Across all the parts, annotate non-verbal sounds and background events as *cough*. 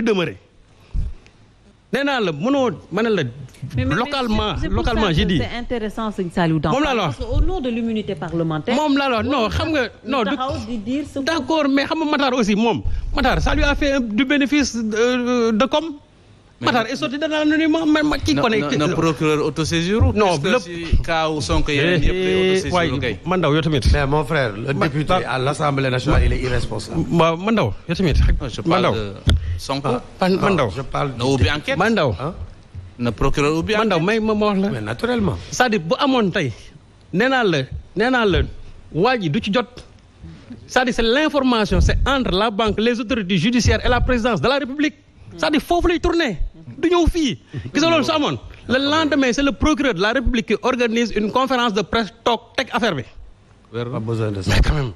des demeurés nee naa la mënoo localement localement j'ai dit. c'est intéressant sëñ Saliou dans parce au nom de l'immunité parlementaire. mom la la non xam nga non. d'accord mais xam Matar aussi mom Matar ça lui a fait du bénéfice euh, de com. Matar est sorti de l'anonymat, mais qui connaît le procureur autosaisir Non, le cas où sont que y Mandaw yo tamit. Mais mon frère, le député à l'Assemblée nationale, il est irresponsable. Waaw Mandaw yo tamit. Je parle de Sonko. Oh, Mandaw. Je parle de ubbi enquête. Mandaw. Hein? Na procureur ubbi enquête. Mandaw may ma wax la. Mais naturellement. C'est-à-dire bu amone tay nee naa la nee naa du ci jot. C'est-à-dire c'est l'information, c'est entre la banque, les autorités judiciaires et la présidence de la République. C'est-à-dire foofu lay tourner du ñëw fii gis nga loolu su amoon le lendemain c'est le procureur de la République qui organise une conférence de presse toog teg affaire bi mais quand même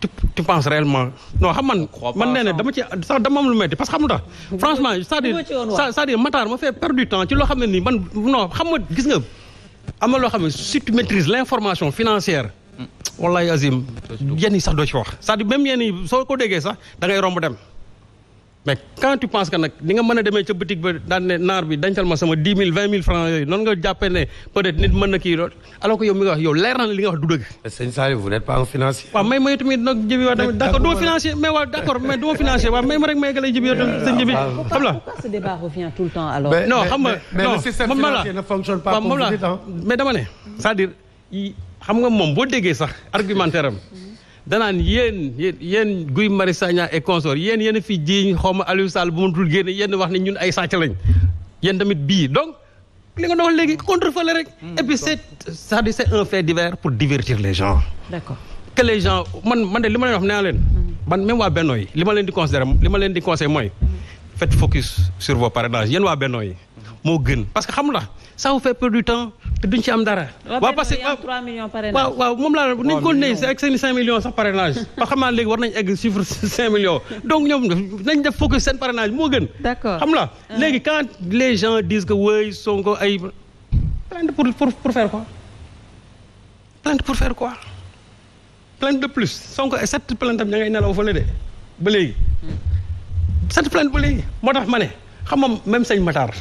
tu, tu penses réellement non xam man man nee na dama ci sax dama am lu metti parce que xam nga tax franchement c'est-à-dire c'est-à-dire Matar ma fait perdre du temps ci loo xam ne nii man non xam nga gis nga am na loo xam ne si tu maîtrises l'information financière hmm. wallahi azim yenn yi sax doo ci wax c'est-à-dire même yenn yi soo ko déggee sax da ngay romb dem mais quand tu penses que nag ni nga mën a demee ca boutique ba daan ne naar bi dencal ma sama dix mille vingt mille francs noonu nga jàppee ne peut-être nit mën na kii lool alors yow mi nga wax yow leer li nga wax du dëgg. sëñ may ma tamit nag jibi waa tamit du ma financier mais may ma rek may ga lay jibi yow tamit xam la pourquoi ce débat moom ma la waaw dire xam nga moom boo déggee sax argumentaire am danaan yéen yéen Guy Marius Sagna et consort yéen yéen a fi jiiñ xaw ma Aliou Sall bu mu dul génne yéen wax ne ñun ay sàcc lañ yéen tamit bii donc li nga wax léegi contrefaçon rek. Hmm, et rek c' est c'est-à-dire c' est un fait divers pour divertir les gens. que les gens man man de li ma leen wax nee naa leen. Hmm. man même waa Benno li ma leen di considérer li ma leen di conseil mooy. Hmm. faites focus sur pare parrainages yéen waa Benno yi. moo gën parce que xam la ça vous fait perdre du temps te duñ ci am dara. waaw parce que waaw waaw moom laa doon ko ne ak seen 5 millions sax parrainage. *laughs* parce que xam naa léegi war nañ egg chiffre 5 *laughs* millions donc ñoom nañ def focus seen parrainage moo gën. d'accord xam la léegi quand les gens disent que oui Sonko ay. plainte pour pour pour faire quoi plainte pour faire quoi plainte de plus Sonko ay sept plainte am ña ngay nelaw fële de ba léegi. Hmm. sept plainte ba léegi moo tax ma ne xam nga même sëñ Matar.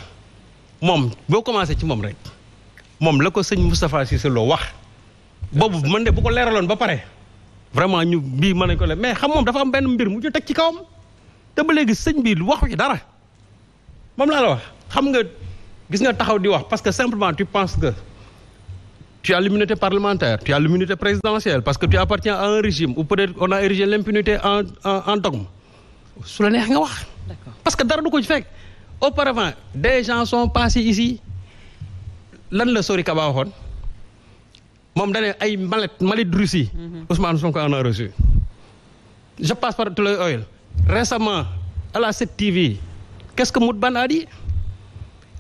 mom bo commencé ci mom rek mom la ko seigne Moustapha Cissé Lo wax bobu man de bu ko leeraloon ba paré vraiment ñu bi man nañ ko le mais xam mom dafa am ben mbir mu ñu tek ci kawam te ba légui seigne bi waxu ci dara mom la la wax xam nga gis nga taxaw di wax parce que simplement tu penses que tu as l'immunité parlementaire tu as l'immunité présidentielle parce que tu appartiens à un régime ou peut-être on a érigé l'impunité en en en dogme su la neex nga wax parce que dara du ko ci fekk auparavant des gens sont passés ici lan la Sori Kaba waxoon moom dane ay malet mallette de Russie mhm. Ousmane Sonko en a reçu je passe par le Oil récemment à la 7TV qu'est-ce que Moudban a dit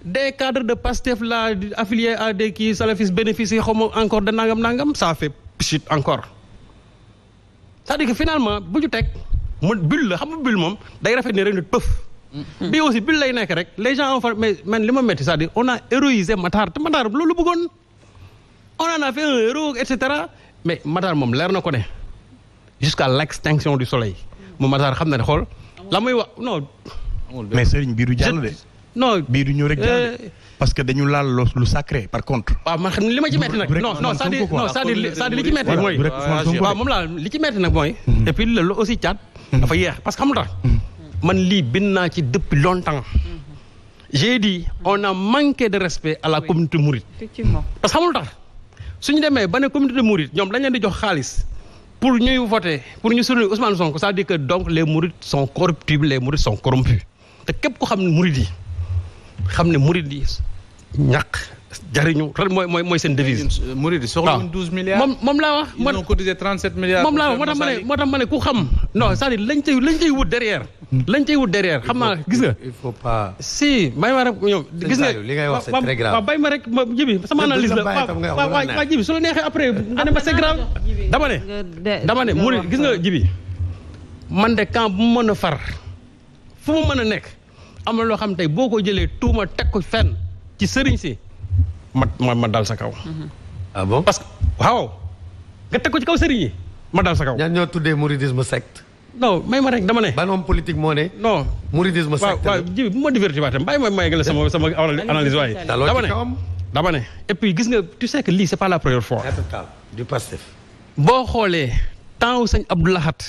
des cadres de Pastef là affiliés à des qui salafistes bénéficient encore de nangam nangam ça fait pchit encore c'est-à-dire que finalement bu ñu teg mu la xam fait bulle moom day rafet Mm-hmm. bi aussi bi lay nek rek les gens ont mais man lima metti métti c'est-à-dire on a héroïsé Matar Matar lolu bëggoon on en a fait un héros et cetera mais Matar mom leer na ko ne jusqu'à l'extinction du soleil mu Matar xam na ne xol lamuy muy non. mais Serigne bii du jàll de. non bii du ñëw rek jàll euh, parce que dañu laal lu sacré par contre. wa man xam li ci metti nak non non c'est-à-dire non c'est-à-dire li ci metti mooy. waaw moom laa li ci metti nak mooy. Hmm. et puis loolu aussi caat. dafa yéex parce que xam nga je suis depuis longtemps. j'ai dit on a manqué de respect à la communauté mouride. parce que si tax suñu démé communauté mouride ñom dañ leen di jox xaliss pour ñuy voter pour nous soutenir Ousmane Sonko ça dit que donc les mourides sont corruptibles les mourides sont corrompus te képp ko xam mouride yi xam mouride jariñu lan mooy mooy mooy seen devise. Mouride euh, soxla woon 12 milliards. moom moom laa wax. ils ont cotisé 37 milliards. moom laa wax moo tax ma ku xam. non cest à lañ cay lañ cay wut derrière. Hmm. lañ cay wut derrière xam naa gis nga. il si may ma rek ñoom. gis li ngay wax c'est bay ma rek ma jibi sama analyse la waaw waaw waaw jibi su la neexee après nga ne ma c'est grave. dama ne dama ne Mouride gis nga jibi man de camp bu mu mën a far fu mu mën a nekk am na loo xam tey boo ko jëlee tuuma teg ko fenn ci sëriñ si ma ma ma dal sa kaw. ah parce que waaw nga teg ko ci kaw sëriñ yi ma dal sa kaw. ñaan ñoo tuddee mouridisme secte. non may ma rek dama ne. ban homme politique moo ne. non mouridisme secte waaw waaw ji bu ma diverti waat tam bàyyi ma may gële sama sama analyse waaye. dama ne dama ne et puis gis nga tu sais que lii c'est pas la première fois. boo xoolee temps sañ sëñ Abdou Lahat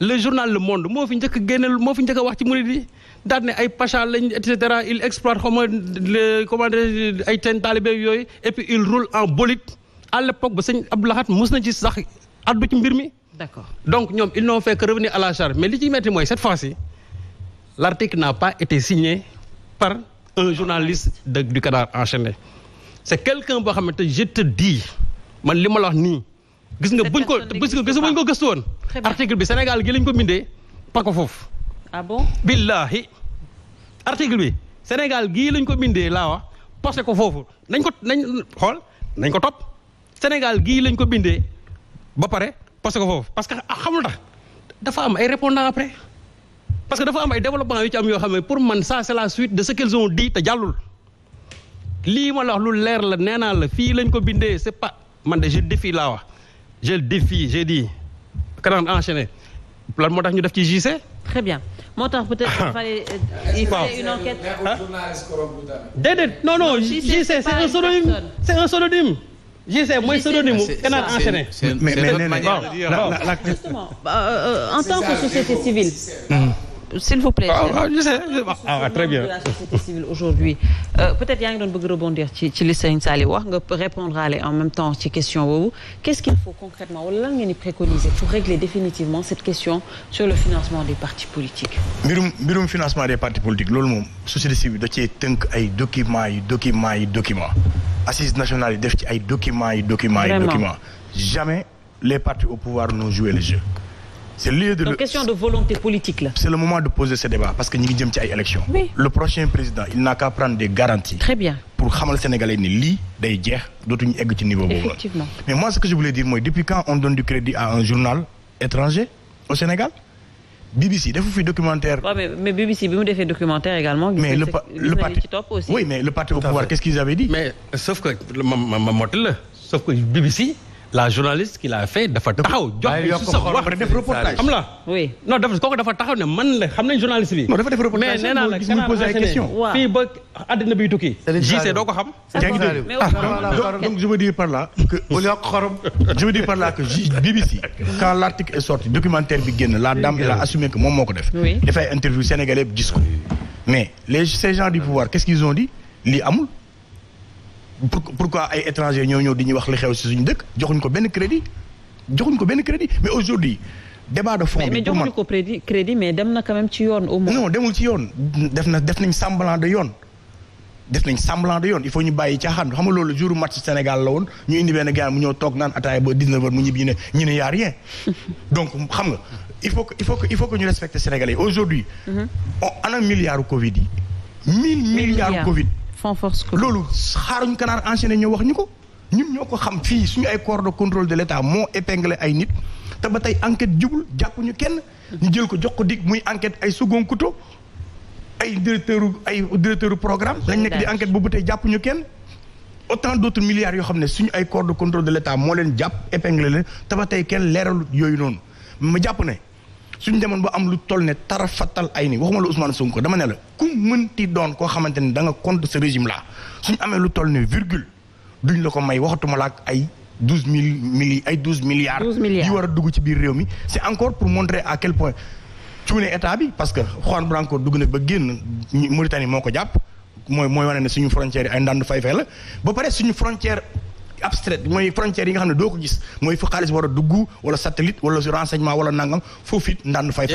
le journal Le Monde moo fi njëkk a génne moo fi njëkk wax ci murid yi daal ne ay pacha lañ et cetera il exploite comment le comment ay teen talibé yooyu et puis il roule en bolide à l'époque ba sëñ Abdou Lahad mos na ci sax addu ci mbir mi. d'accord donc ñoom ils n'ont fait que revenir à la charge mais li ci metti mooy cette fois-ci l'article n'a pas été signé par un journaliste de du Canard enchaîné c'est quelqu'un boo xamante je te dis man li ma la wax nii. gis nga buñ ko gis nga buñ ko gëstu woon. article bi Sénégal gi lañ ko bindee pa ko foofu. ah bon billaahi article bi Sénégal gii lañ ko bindee laa wax posté ko foofu nañ ko nañ xool nañ ko topp Sénégal gii lañ ko bindee ba pare posté ko foofu parce que ah, xamul tax dafa am ay répondant après parce que dafa am ay développement yu ci am yoo xam ne pour man ça c'est la suite de ce qu'ils ont dit te jàllul lii ma la wax lu leer la nee naa la fii lañ ko bindee c'est pas man de je défie laa wax je di j'ai dit kanaan enchaîné lan moo tax ñu def ci JC très moo tax peut-être *coughs* euh, il fallait il fallait une enquête. Hein? déedéet non non JC c'est un pseudonyme c'est un pseudonyme. JC mooy pseudonyme canal enchaîné. mais mais mais bah, la la bah, euh, en tant que société civile s'il vous plaît. Ah, ah, ah, ah très bien. la société civile aujourd'hui euh, peut-être yaa ngi doon bëgg rebondir ci ci li sëñ wax nga répondre en même temps ci question boobu qu'est-ce qu'il faut concrètement wala lan préconiser pour régler définitivement cette question sur le financement des partis politiques. Le financement des partis politiques loolu société civile da cee tënk ay documents documents documents assise nationale yi def ci ay documents documents documents jamais les partis au pouvoir n'ont joué le jeu c'est lieu de. question de volonté politique là. C'est le moment de poser ce débat parce que nous avons une élection. le prochain président il n'a qu'à prendre des garanties. très bien pour xamal sénégalais ni lii day jeex d'autres egg niveau effectivement mais moi ce que je voulais dire moi, depuis quand on donne du crédit à un journal étranger au Sénégal. BBC faut fi documentaire. Ouais, mais, mais BBC bi fait documentaire également. mais le parti oui mais le parti au pouvoir qu'est-ce qu'ils avaient dit. mais sauf que ma sauf que BBC la journaliste qui l'a fait dafa taxaw jox ko su sax wax def reportage xam la oui non dafa kooku dafa taxaw ne man la xam nañ journaliste bi. non dafa def reportage mais nee naa la keneen posé ay questions fi ba àddina tukki. jii doo ko xam. Ah, donc je veux dire par là que xorom je veux dire par là que BBC quand l'article est sorti documentaire bi génn la dame elle a assumé que moom moo ko def. dafay interview sénégalais gis ko mais les ces gens du pouvoir qu'est-ce qu'ils ont dit li amul pourquoi ay étrangers ñoo ñëw di ñuy wax li xew ci suñu dëkk joxuñ ko ben crédit joxuñ ko ben crédit mais aujourd'hui débat de fond mais joxuñ ko crédit crédit mais dem na quand même ci yoon au moins. non demul ci yoon def na def nañ semblant de yoon def nañ semblant de yoon il faut ñu bàyyi caaxaan xam nga lolu jour match Sénégal la won ñu indi ben gars mu ñëw tok naan ataaya ba 19h mu ñibbi ñu ne ñu ne y rien *laughs* donc xam nga il faut que il faut que il faut que ñu respecter Sénégalais aujourd'hui mhm. on un milliard Covid 1000 mille milliards Covid. fonds force commune loolu xaaruñu Canard enchaîné ñoo wax ñu ko ñun ñoo ko xam fii suñu ay corps de contrôle de l' moo épinglé ay nit te ba tey enquête jubul jàppuñu kenn ñu jël ko jox ko dig muy enquête ay second couteau ay directeur ay directeur programme lañ nekk di enquête boobu tey jàppuñu kenn autant d' autres milliards yoo xam ne suñu ay corps de contrôle de l' moo leen jàpp épinglé leen te ba tey kenn leeralu yooyu noonu ma jàpp ne suñ demoon ba am lu toll ne tarafatal ay ni waxuma la Ousmane Sonko dama ne la ku mënti doon koo xamante ne da nga contre ce régime là suñ amee lu toll ne virgule duñ la ko may waxatuma la ak ay douze mille mille ay douze milliards yi war a dugg ci biir réew mi c' encore pour montrer à quel point cuune état bi parce que Juan Branco dugg na ba génn Mauritanie moo ko jàpp mooy mooy wane ne suñu frontière yi ay ndànd fay fay la ba pare suñu frontière abstraite mooy frontière yi nga xam ne doo ko gis mooy fu xaalis war a dugg wala satellite wala renseignement wala nangam foofu it ndànd fii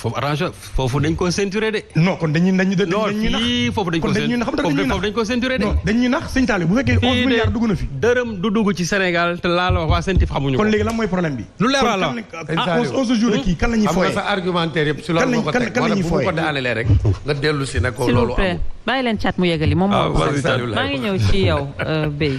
foofu dañ ko foofu dañ ko ceinturé de. non dañuy nax sëñ Tallé bu fekkee onze milliards dugg na fi. dërëm du dugg ci Sénégal te laa la wax waa xamuñu kon léegi lan mooy problème bi. lu leer la ah, la am nga sa argumentaire yëpp si loolu moo ko teg kan la ñuy fooyee wala bu ko daanalee rek nga dellu si ne ah, maa ngi ñëw ci yow euh, Bey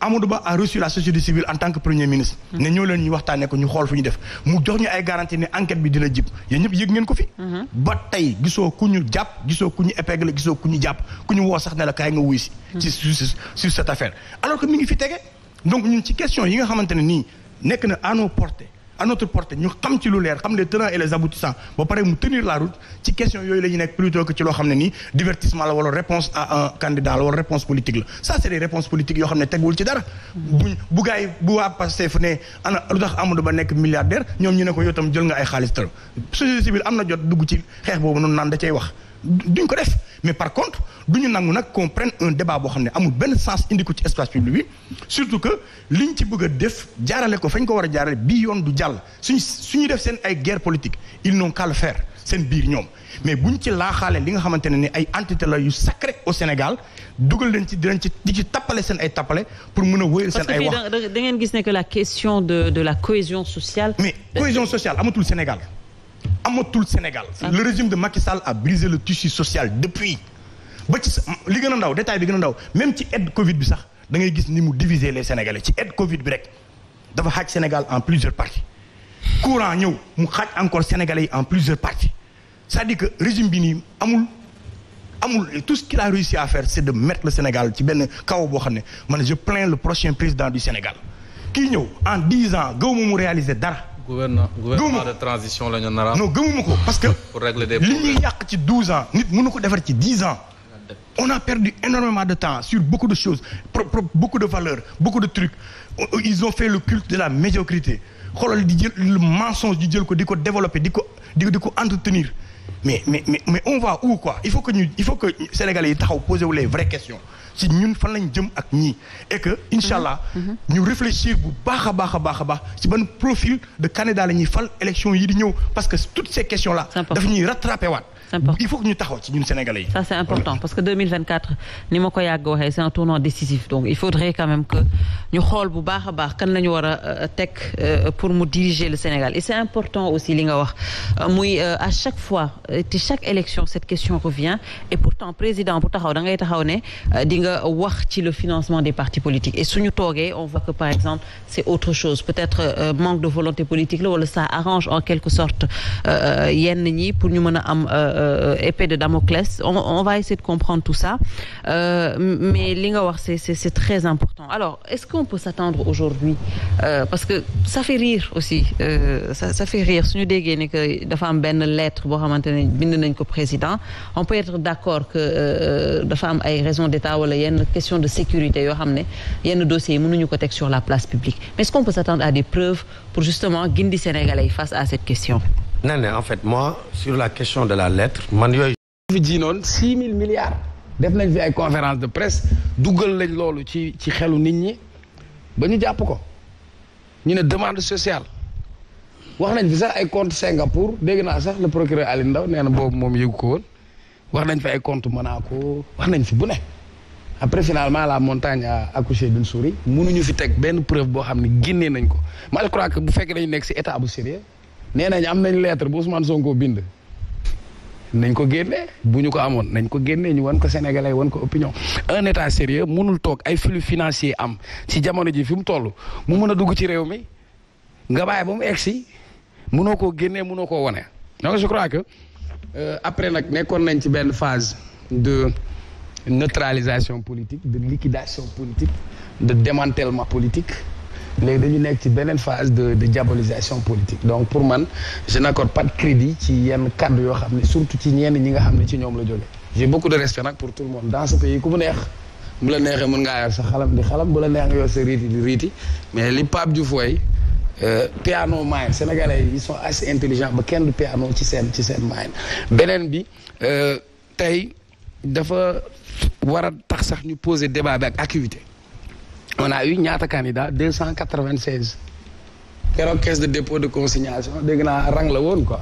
Amadou Ba a reçu la société civile en tant que premier ministre. ne ñoo leen ñu waxtaanee ko ñu xool fu ñu def mu jox ñu ay garantie ne enquête bi dina jib yéen ñëpp yëg ngeen ko fi. ba tey gisoo ku ñu jàpp gisoo ku ñu épinglé gisoo ku ñu jàpp ku ñu woo sax ne la kaay nga wuy si. ci sur cette affaire alors que mi ngi fi tege donc ñun ci question yi nga xamante ne nii nekk na à nos portées à notre portée ñu xam ci lu leer xam les tenants et les aboutissants ba pare mu tenir la route ci question yooyu la ñu nekk plutôt que ci loo xam ne nii divertissement la wala réponse à un candidat la wala réponse politique la ça c'est des réponses politiques yoo xam ne tegwul ci dara bu gars bu waa Pastef ne ana lu tax Amadou Ba nekk milliardaire ñoom ñu ne ko yow tam jël nga ay xaalis tër société civile am na jot dugg ci xeex boobu noonu naan da cay wax duñ ko def mais par contre duñu ñu nangu nag qu'on prenne un débat bo xamné amul ben sens indi ko ci espace public bi surtout que liñ ci bëgg def jaarale ko fañ ko wara jaarale yoon du jall suñu suñu def sen ay guerre politique ils n'ont qu'à le faire sen bir ñom mais buñ ci laaxaale li nga xamante ne ni ay entité la yu sacré au Sénégal duggal leen ci dinañ ci di ci tapalé sen ay tapalé pour mëna wëyel sen ay wax parce que da ngeen gis ne que la question de de la cohésion sociale. mais cohésion sociale amatul Sénégal tout le Sénégal. Ah le régime de Macky Sall a brisé le tissu social depuis. ba li détail même ci aide Covid bi sax da ngay diviser les Sénégalais ci aide Covid bi rek dafa le Sénégal en plusieurs parties. courant il mu a encore Sénégalais en plusieurs parties ça dit dire que régime bi nii amul amul tout ce qu'il a réussi à faire c'est de mettre le Sénégal ci le kaw je plains le prochain président du Sénégal. qui dit en 10 ans gaw mu réaliser dara gouvernement de transition non parce que. 12 ans 10 ans. on a perdu énormément de temps sur beaucoup de choses beaucoup de valeurs beaucoup de trucs ils ont fait le culte de la médiocrité le mensonge du développer entretenir mais on va où quoi il faut que il faut sénégalais les vraies questions ci ñun fan lañ jëm ak ñi et que inshallah mhm. Mhm. ñu réfléchir bu baax a baax a baax a baax ci ban profil de candidat la ñuy fal élection yi di ñëw parce que toutes ces questions là daf ñuy rattraper. waat il faut que nous taxaw ci sénégalais ça c'est important parce que 2024 c'est un tournant décisif donc il faudrait quand même que nous nous bu euh, euh, pour nous diriger le Sénégal et c'est important aussi li euh, à chaque fois à chaque élection cette question revient et pourtant président pour taxaw da ngay taxaw le financement des partis politiques et suñu toogee on voit que par exemple c'est autre chose peut-être manque de volonté politique Là, ça arrange en quelque sorte yenn pour nous mener euh, épée de Damoclès. On, va essayer de comprendre tout ça. Euh, mais l'Ingawar, c'est très important. Alors, est-ce qu'on peut s'attendre aujourd'hui euh, Parce que ça fait rire aussi. ça, fait rire. Si nous ne que lettre président on peut être d'accord que la femme a ay raison d'état a une question de sécurité Il y a un dossier sur la place publique. Mais est-ce qu'on peut s'attendre à des preuves pour justement guinder Sénégalais face à cette question non, non, en fait, moi, sur la question de la lettre, man yooyu fi ji noonu six mille milliards def nañ fi ay conférence de presse duggal lañ loolu ci ci xelu nit ñi ba ñu jàpp ko ñu ne demande sociale wax nañ fi sax ay compte Singapour dégg naa sax le procureur Aline Ndaw nee na boobu moom yëgu ko woon wax nañ fi ay compte Monaco wax nañ fi bu ne après finalement la montagne a accouché d'une souris mënuñu fi teg benn preuve boo xam ne génnee nañ ko mais je crois que bu fekkee dañu nekk si état bu sérieux nee nañ am nañ lettre bu Ousmane Sonko bind nañ ko génne bu ñu ko amoon nañ ko génnee ñu wan ko sénégalais wan ko opinion un état sérieux mënul toog ay flux financier am ci jamono ji fi mu toll mu mën a dugg ci réew mi nga bàyyi ba mu egg si mënoo koo génnee mënoo koo wane. donc je crois que euh, après nag nekkoon nañ ci benn phase de neutralisation politique de liquidation politique de démantèlement politique. léegi dañu nekk ci beneen phase de de diabolisation politique donc pour man je n'accorde pas de crédit ci yenn kàddu yoo xam ne surtout ci ñenn ñi nga xam ne ci ñoom la jóge j'ai beaucoup de respect pour tout le monde dans ce pays ku mu neex bu la neexee mën ngaa yor sa xalam di xalam bu la neex nga yor sa riiti di riiti mais li Pape Diouf way euh, piano mind sénégalais ils sont assez intelligents ba kenn du piano ci seen ci seen mind beneen bi euh, tey dafa war tax sax ñu poser débat bi ak acuité on a eu ñaata candidat 296. cent caisse de dépôt de consignation dégg rang la woon quoi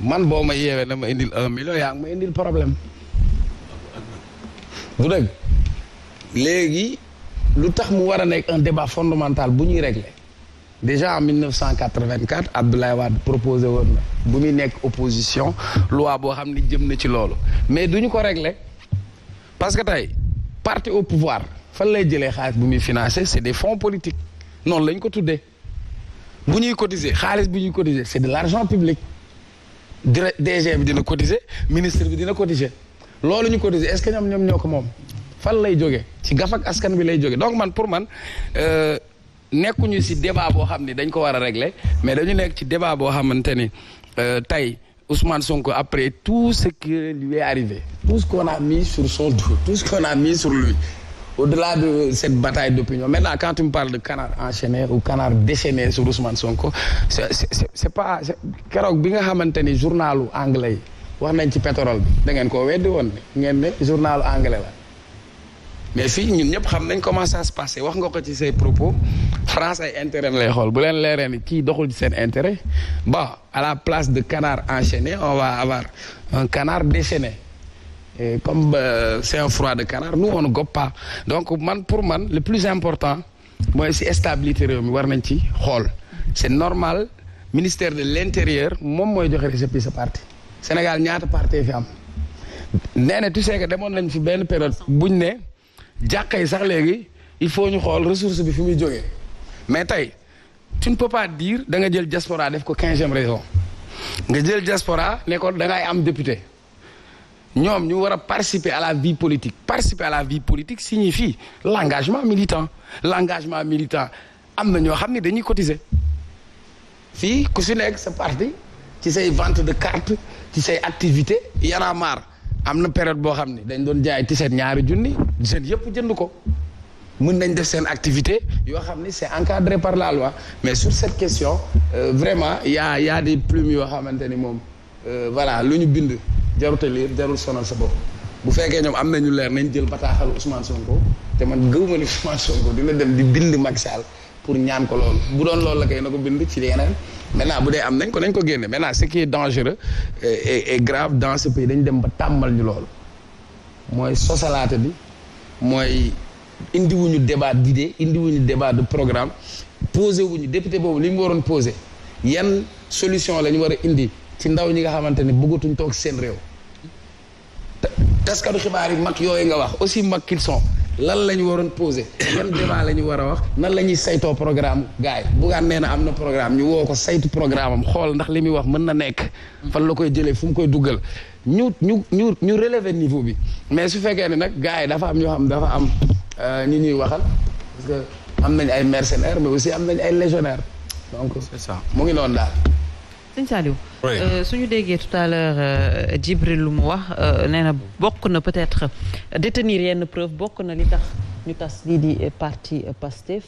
man boo ma yeewee na ma indil un million yaa ma indil problème bu dëgg légui lutax mu wara nek un débat fondamental bu ñuy régler déjà en 1984 Abdoulaye Wade proposé woon bu mi nek opposition loi bo xamni ni jëm na ci lolu mais duñ ko régler parce que tay parti au pouvoir fan lay jëlee xaalis bu muy des fonds politiques non lañ ko tuddee bu cotiser xaalis bu cotiser c'est de l'argent public DG bi dina cotiser ministre bi dina cotiser loolu ñu cotiser est ce que ñoom ñoom ñoo ko fan lay jógee ci gafak askan bi lay jógee donc man pour man euh, nekkuñu ci débat bo xamni dañ ko wara régler mais dañu nekk ci débat bo xamante euh tay Ousmane Sonko après tout ce qui lui est arrivé tout ce qu'on a mis sur son dos tout ce qu'on a mis sur lui au-delà de cette bataille d'opinion. Maintenant, quand tu me parles de canard enchaîné ou canard déchaîné sur Ousmane Sonko, c'est pas. Keroog bi nga xamante journal journal anglais yi wax nañ ci pétrole bi da ngeen koo weddi woon ngeen journal anglais la. mais si ñun savons xam nañ comment ça se passe wax nga ko ci ces propos France ay intérêt lay l'école bu leen leeree ni kii doxul ci intérêt bon à la place de canard enchaîné on va avoir un canard déchaîné. Et comme euh, c'est un froid de canard, nous, on ne gobe pas. Donc, pour man, le plus important, moi, c'est Hall. C'est normal, ministère de l'Intérieur, moi, moi, je ce parti. Sénégal, il y a parti. tu sais que période il faut mais tu ne peux pas dire diaspora raison diaspora député. Nous, ñu participer à la vie politique participer à la vie politique signifie l'engagement militant l'engagement militant Nous devons ñoo dañuy cotiser ku si c'est ce parti ci say vente de cartes, ci say activité Y en a marre a une période boo xam ne dañ doon jaay ci seen ñaari junni seen yëpp jënd ko mën nañ def seen activité c'est encadré par la loi mais sur cette question euh, vraiment y a y a des plumes yoo xamante ni moom euh, voilà lu jarute liir jarul sonal sa bopp bu fekkee ñoom am nañu leer nañ jël bataaxal Ousmane Sonko te man gëwuma ni Ousmane Sonko dina dem di bind Macky Sall pour ñaan ko loolu bu doon loolu la kay na ko bind ci yeneen maintenant bu dee am nañ ko nañ ko génne maintenant ce qui est dangereux et grave dans ce pays dañ dem ba tàmmal ñu loolu mooy sosalaate bi mooy indiwuñu débat d'idée indiwuñu débat de programme posé wuñu député boobu li mu waroon posé yan solution la ñu war a indi ci ndaw ñi nga xamante ne bëggatuñ toog seen réew taskatu xibaar yi mag yooyu nga wax aussi mag qu'ils sont lan la ñu waroon posé yan débat la ñu war wax nan la ñuy saytoo programme gars yi bugaan nee na am na programme ñu woo ko saytu programme am xool ndax li muy wax mën na nekk fan la koy jëlee fu mu koy duggal ñu ñu ñu ñu relever niveau bi mais su fekkee ne nag gars yi dafa am ñoo xam dafa am euh, ñu ñuy waxal am nañ ay mercenaires mais aussi am nañ ay légionnaires donc c'est ça ngi loon daal sëñ euh, suñu déggee tout à l'heure euh, Djibril lu mu wax euh, nee na bokk na peut-être détenir yenn preuve bokk na li tax ñu tas lii di parti Pastef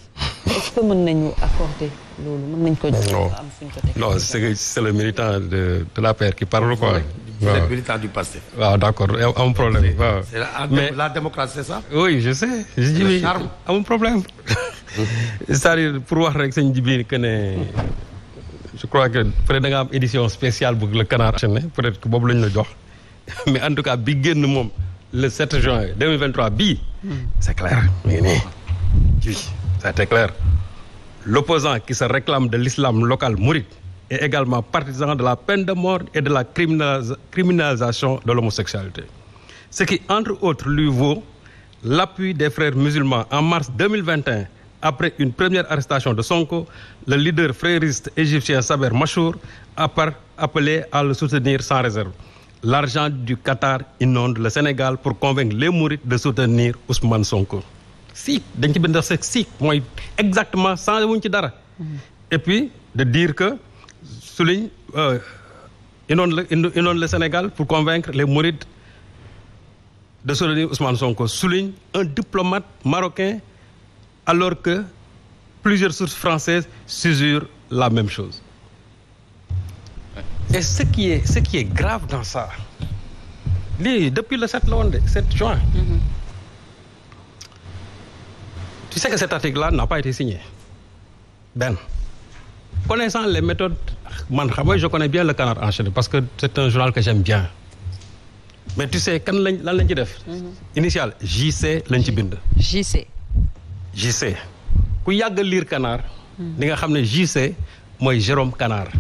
est-ce que mën nañu accorder loolu mën nañ ko am suñ ko non c'est c'est le militant de de la paire qui parle quoi C'est le militant du Pastef. waaw d'accord un problème waaw. mais la démocratie c'est ça. oui je sais. je dis oui un problème. *laughs* c'est-à-dire pour wax rek sëñ Djibril que ne je crois que peut-être une édition spéciale pour le canard peut-être que la *laughs* mais en tout cas le 7 juin 2023 c'est hmm. c'est clair oui ça clair. L'opposant qui se réclame de l'islam local mourit, est également partisan de la peine de mort et de la criminalisation de l'homosexualité ce qui entre autres lui vaut l'appui des frères musulmans en mars 2021 après une première arrestation de Sonko, le leader frériste égyptien Saber Machour a appelé à le soutenir sans réserve. L'argent du Qatar inonde le Sénégal pour convaincre les mourites de soutenir Ousmane Sonko. Si, si, exactement, sans mm-hmm. Et puis, de dire que, souligne, euh, inonde, le, Sénégal pour convaincre les mourides de soutenir Ousmane Sonko, souligne un diplomate marocain alors que plusieurs sources françaises susurent la même chose. Et ce qui est, ce qui est grave dans ça, depuis le 7, juin, mm-hmm. tu sais que cet article-là n'a pas été signé. Ben, connaissant les méthodes, je connais bien le canard enchaîné parce que c'est un journal que j'aime bien. Mais tu sais, quand l'on l'a dit, mm-hmm. initial, JC, l'on JC. JC ku yàgg a Canard. di nga xam ne JC mooy Jérôme Canard.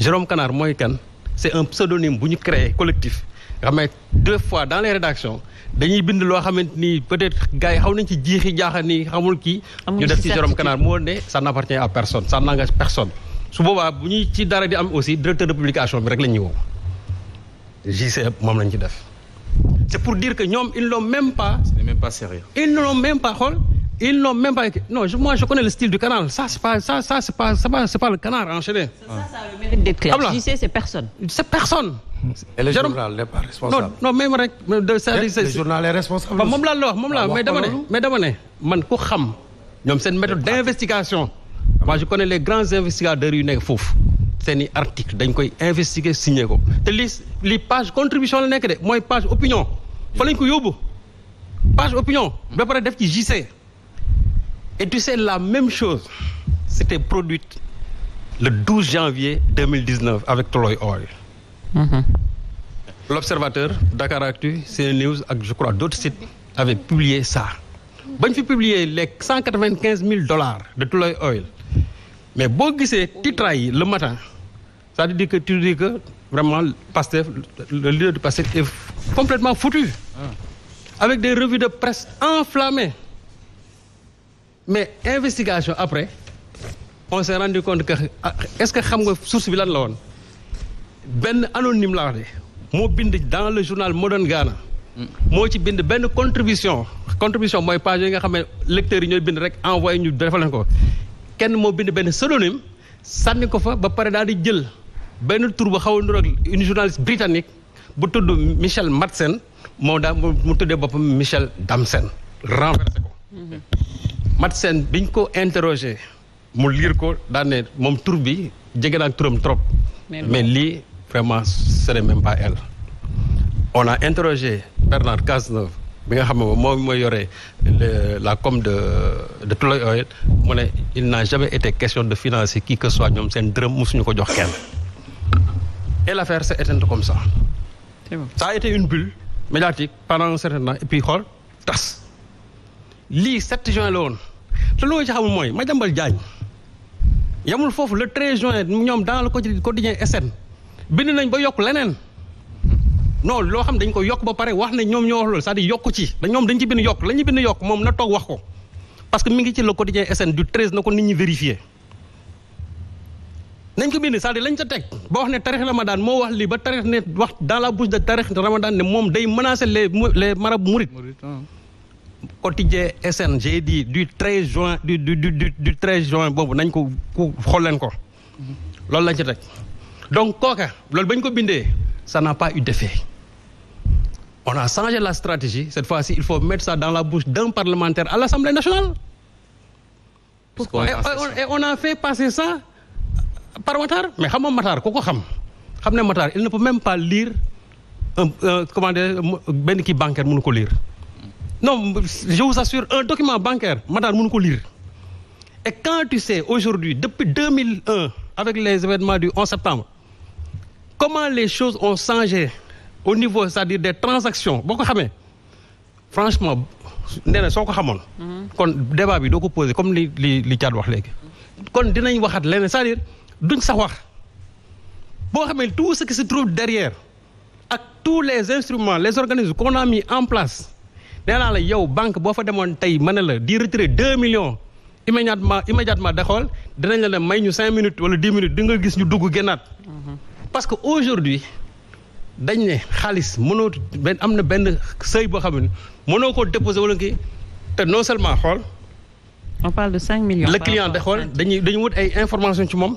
Jérôme Canard mooy kan c'est un pseudonyme bu ñu créé collectif. nga xam deux fois dans les rédactions dañuy bind loo xamante ni peut-être gars yi xaw nañ ci jiixi jaaxa ni xamul kii. ñu def ci Jérôme Canard moo ne ça n'appartient à personne ça n'engage personne. su boobaa bu ñuy ci dara di am aussi directeur de publication bi rek lañ ñuy woo JC moom lañ ci def. c'est pour dire que ñoom ils n'ont même pas. ce n'est même pas sérieux. ils n'ont même pas xool. Ils n'ont même pas Non, moi je connais le style du canal. Ça, c'est pas, ça, ça, c'est pas, pas, pas, le canal, enchaîné. Ça, ça, le mérite d'être clair. Ah, c'est personne. C'est personne. Et le journal n'est pas responsable. Non, non même rek. Le journal est responsable. Moom là, là, même là, mais dama ne mais dama ne man ku xam C'est méthode d'investigation. moi je connais les grands investigateurs yu Nekfouf. C'est un article dañ koy investiguer signé. ko te li li page contribution la page opinion fa lañ ko yóbbu page opinion. ba def ci JC. Et tu sais, la même chose s'était produite le 12 janvier 2019 avec Toloy Oil. Mhm. L'Observateur, Dakar Actu, CNews, je crois d'autres sites avaient publié ça. Bonne fille publié les 195 000 dollars de Toloy Oil. Mais bon c'est tu trahis le matin. Ça veut dire que tu dis que vraiment le leader du Pastef est complètement foutu. Ah. Avec des revues de presse enflammées mais investigation après on s'est rendu compte que ah, est-ce que xam nga source la anonyme dans le journal Modern Ghana mm. ci bind une contribution contribution moy page yi bind envoyé ñu ko bind ben ko fa ba di journaliste britannique bu Michel Madsen Michel Damsen renversé mm-hmm. Mat Sène biñ ko interroger mu lire ko daan ne moom tur bi jege naa turam trop. mais lii vraiment ce n'est même pas elle. on a interrogé Bernard Cazeneuve bi nga xam ne moom mooy la com de de Tullow Oil mu il n'a jamais été question de financer qui que soit ñoom seen dërëm ko jox kenn. et l'affaire s'est éteinte comme ça. ça a été une bulle médiatique pendant un certain temps et puis xool tas lii 7 juin la woon. te loolu ci ma mooy Madiambal Diagne yamul foofu la 13 juin ñoom dans le quotidien SN bind nañ ba yokk leneen non loo xam dañ ko yokk ba pare wax ne ñoom ñoo wax loolu c'est-à-dire yokk ci da dañ ci bind yokk la ñuy bind yokk moom na toog wax ko parce que mi ngi ci le quotidien SN du 13 na ko nit ñi vérifier nañ ko bind cest à lañ ca teg ba wax ne tarix ramadan moo wax lii ba tarix ne wax dans la bouche de tarix ramadan ne moom day menacer le mara bu mourides quotidien SN j'ai dit du 13 juin du du du du 13 juin bon, on ko ku xool leen ko. loolu lañ donc quoi loolu ba ko ça n'a pas eu d'effet. on a changé la stratégie cette fois-ci il faut mettre ça dans la bouche d'un parlementaire à l'Assemblée nationale. pourquoi et on, a fait passer ça par Matar mais comment Matar ko xam il ne peut même pas lire un euh, comment dire Ben kii bancaire mënu ko lire. Non, je vous assure, un document bancaire, madame, nous lire. Et quand tu sais, aujourd'hui, depuis 2001, avec les événements du 11 septembre, comment les choses ont changé au niveau, c'est-à-dire des transactions. franchement, ne mhm. débat comme les li li dire tout ce qui se trouve derrière à tous les instruments les organismes qu'on a mis en place nee naa la yow banque boo fa demoon tey mën la di retirer 2 millions immédiatement immédiatement da xool dinañ la ne may ñu 5 minutes wala 10 minutes di nga gis ñu dugg génnaat. parce que aujourd'hui dañ ne xaalis mënoo ben am na benn seuil boo xam ne mënoo koo déposer wala kii te non seulement xool. on parle de 5 millions. le client da xool dañuy dañu wut ay information ci moom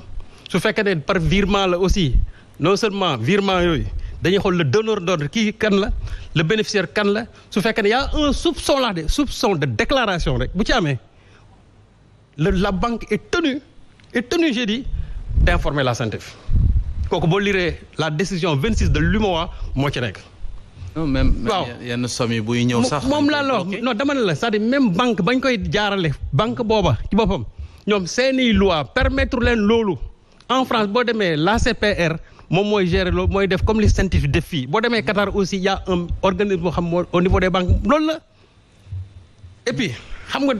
su fekkee ne par virement la aussi non seulement virement yooyu dañuy xool le donneur d'ordre kii kan la le bénéficiaire kan la su fekkee ne y a un soupçon là de soupçon de déclaration rek bu ci amee la banque est tenue est tenue j'ai dit d'informer la SANTEF kooku boo liree la décision 26 de l'UMOA moo ci nekk. non même waaw yenn somme yi buy ñëw sax. moom la wax non dama ne la c'est-à-dire même banque bañ koy jaarale banque booba ci boppam ñoom seeni loi permettre leen loolu en France boo demee l'ACPR. Moi, moy gérer loolu def comme les scientifiques def FI. bo démé Qatar aussi il y' a un organisme au niveau des banques loolu la et puis xam nga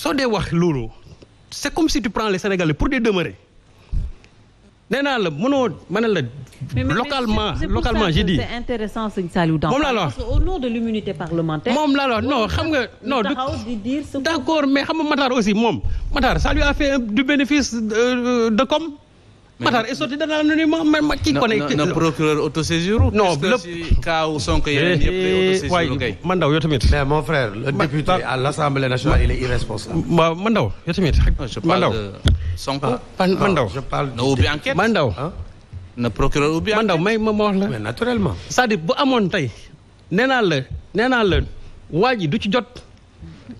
so dé wax lolu comme si tu prends les Sénégalais pour des demeurer. néna la localement localement j'ai dit c'est intéressant Seigne Saliou dans moom laa la au nom de l'immunité parlementaire. moom la non xam nga non D'accord, mais xam nga Matar aussi Matar ça lui a fait du bénéfice euh, euh, de com. Matar est sorti dans l'anonymat ma kii connaît. na na procureur autosaisir non le si cas où Sonko yeneen eh, yëpp lay eh, autosaisir kay. man ndaw yo tamit. mais mon frère le député à l'Assemblée nationale il est irresponsable. waaw man ndaw yow tamit. Ah, ah, ah, je parle de Sonko. man ndaw je parle na ubbi enquête man ndaw. na hein? procureur ubbi enquête man ndaw may ma wax la. mais naturellement. c'est-à-dire bu amone tay nee naa la la du ci jot.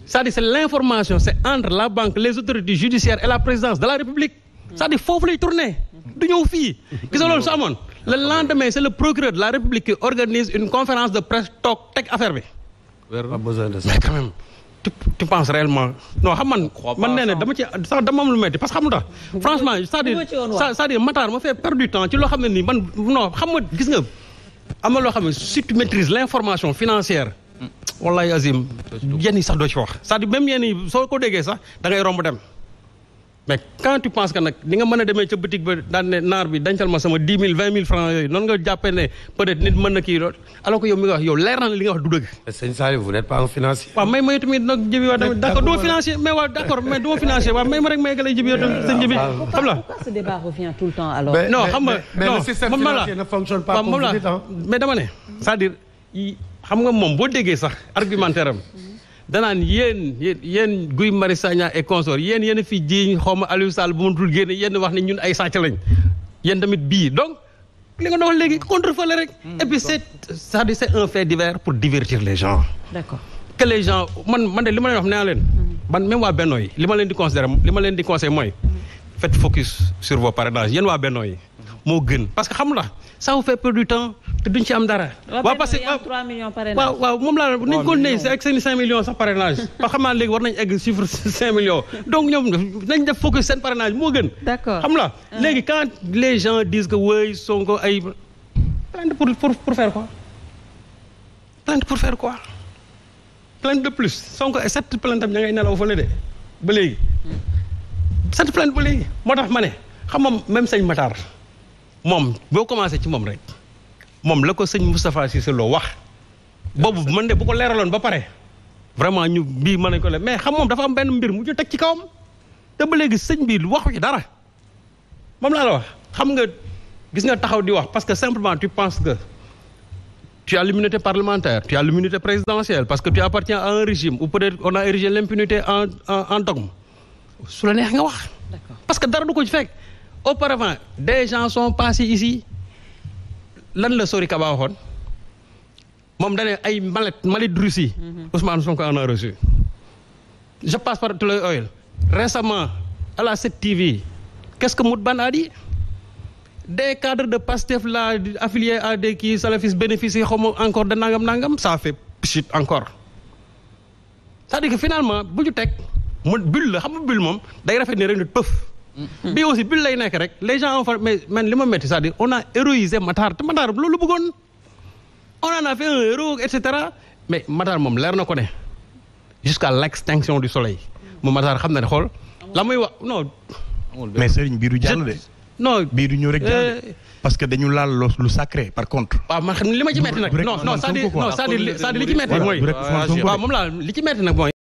c'est-à-dire c'est l'information c'est entre la banque les autorités judiciaires et la présidence de la République. c'est-à-dire foofu les tourner du ñëw fii gis nga loolu su amoon le lendemain c'est le procureur de la République qui organise une conférence de presse toog teg affaire bi mais quand même tu, tu penses réellement non xam man man nee ne dama ci sax dama am lu metti parce que xam nga franchement c'est-à-dire c'est-à-dire Matar ma fait perdre du temps ci loo xam ne nii man non xam nga gis nga am na loo xam ne si tu maîtrises l'information financière hmm. wallahi azim yenn yi sax doo ci wax c'est-à-dire même yenn yi soo ko déggee sax da ngay romb dem mais quand tu penses que nag ni nga mën a demee ca boutique ba daan naar bi dencal ma sama dix mille vingt mille francs noonu nga jàppee ne peut nit mën na kii lool alors yow mi nga wax yow leer na li nga wax du dëgg. sëñ may ma tamit nag jibi waa tamit d'accord doo financier mais waaw d'accord mais ma rek may gën a jibi yow tamit sëñ jibi ah, xam xam nga non le mais dama ne cest dire xam nga moom boo déggee sax argumentaire danaan yéen yéen Guy Marius Sagna et consort yéen yéen a fi jiiñ xawma Aliou Sall bu mënatul génne yéen wax ne ñun ay sàcc lañ yéen tamit bii donc li nga doon léegi contrefaçon rek. Hmm. et puis c' est c'est-à-dire c' est un fait divers pour divertir les gens. d' accord que les gens man man de li ma leen wax nee naa leen. Hmm. man même waa Benno yi li ma leen di considéré li ma leen di conseil mooy. Hmm. faites focus sur vos parrainages yéen waa Benno moo gën parce que xam la ça vous fait perdre du temps te duñ ci am dara. waaw parce que 3 millions waaw waaw moom laa ne nañ ko ne ak seen i 5 millions sax parrainage. ba *laughs* que légui war nañ egg chiffre 5 *laughs* millions donc ñom nañ def focus sen parrainage mo gën. d'accord xam la ah. légui quand les gens disent que wëy Sonko ay. plainte pour pour pour faire quoi plainte pour faire quoi plainte de plus Sonko sept plainte am ña ngay nelaw fële de ba légui sept plainte ba légui motax mané xam nga même sëñ Matar. mom bo commencé ci mom rek mom la ko sëñ Moustapha Cissé Lo wax bobu man de bu ko leeraloon ba paré vraiment ñu bi mané ko leer mais xam mom dafa am benn mbir mu ci tek ci kawam te ba légui seigne bi waxu ci dara mom la la wax xam nga gis nga taxaw di wax parce que simplement tu penses que tu as l'immunité parlementaire tu as l'immunité présidentielle parce que tu appartiens à un régime ou peut-être on a érigé l'impunité en en en dogme sou la neex nga wax parce que dara du ko ci fekk auparavant des gens sont passés ici lan la Sori Kaba waxoon mom da ne ay mallette de Russie. Mhm. Ousmane Sonko en a reçu. je passe par les Oil récemment à la 7TV qu'est-ce que Mout Ban a dit des cadres de Pastef là affiliés à des qui salafistes bénéficient xaw encore de nangam nangam ça fait pchit encore c'est-à-dire que finalement bu ñu bulle la xam bulle moom day rafet ne rek peuf Mm. bi aussi bi lay nekk rek les gens ont mais man li ma métti c'est-à-dire on a héroïsé Matar te Matar loolu bëggoon on en a fait un héros et cetera mais Matar moom leer na ko ne jusqu'à l'extinction du soleil moom Matar xam na ne xool la muy wax non. mais Serigne bii du jàll de. non bii du ñëw rek jàll euh, parce que dañu laal lu sacré par contre. waaw man xam li ma ci metti nag. non non c'est-à-dire non c'est-à-dire li ci metti mooy. waaw moom laa li ci metti nag mooy.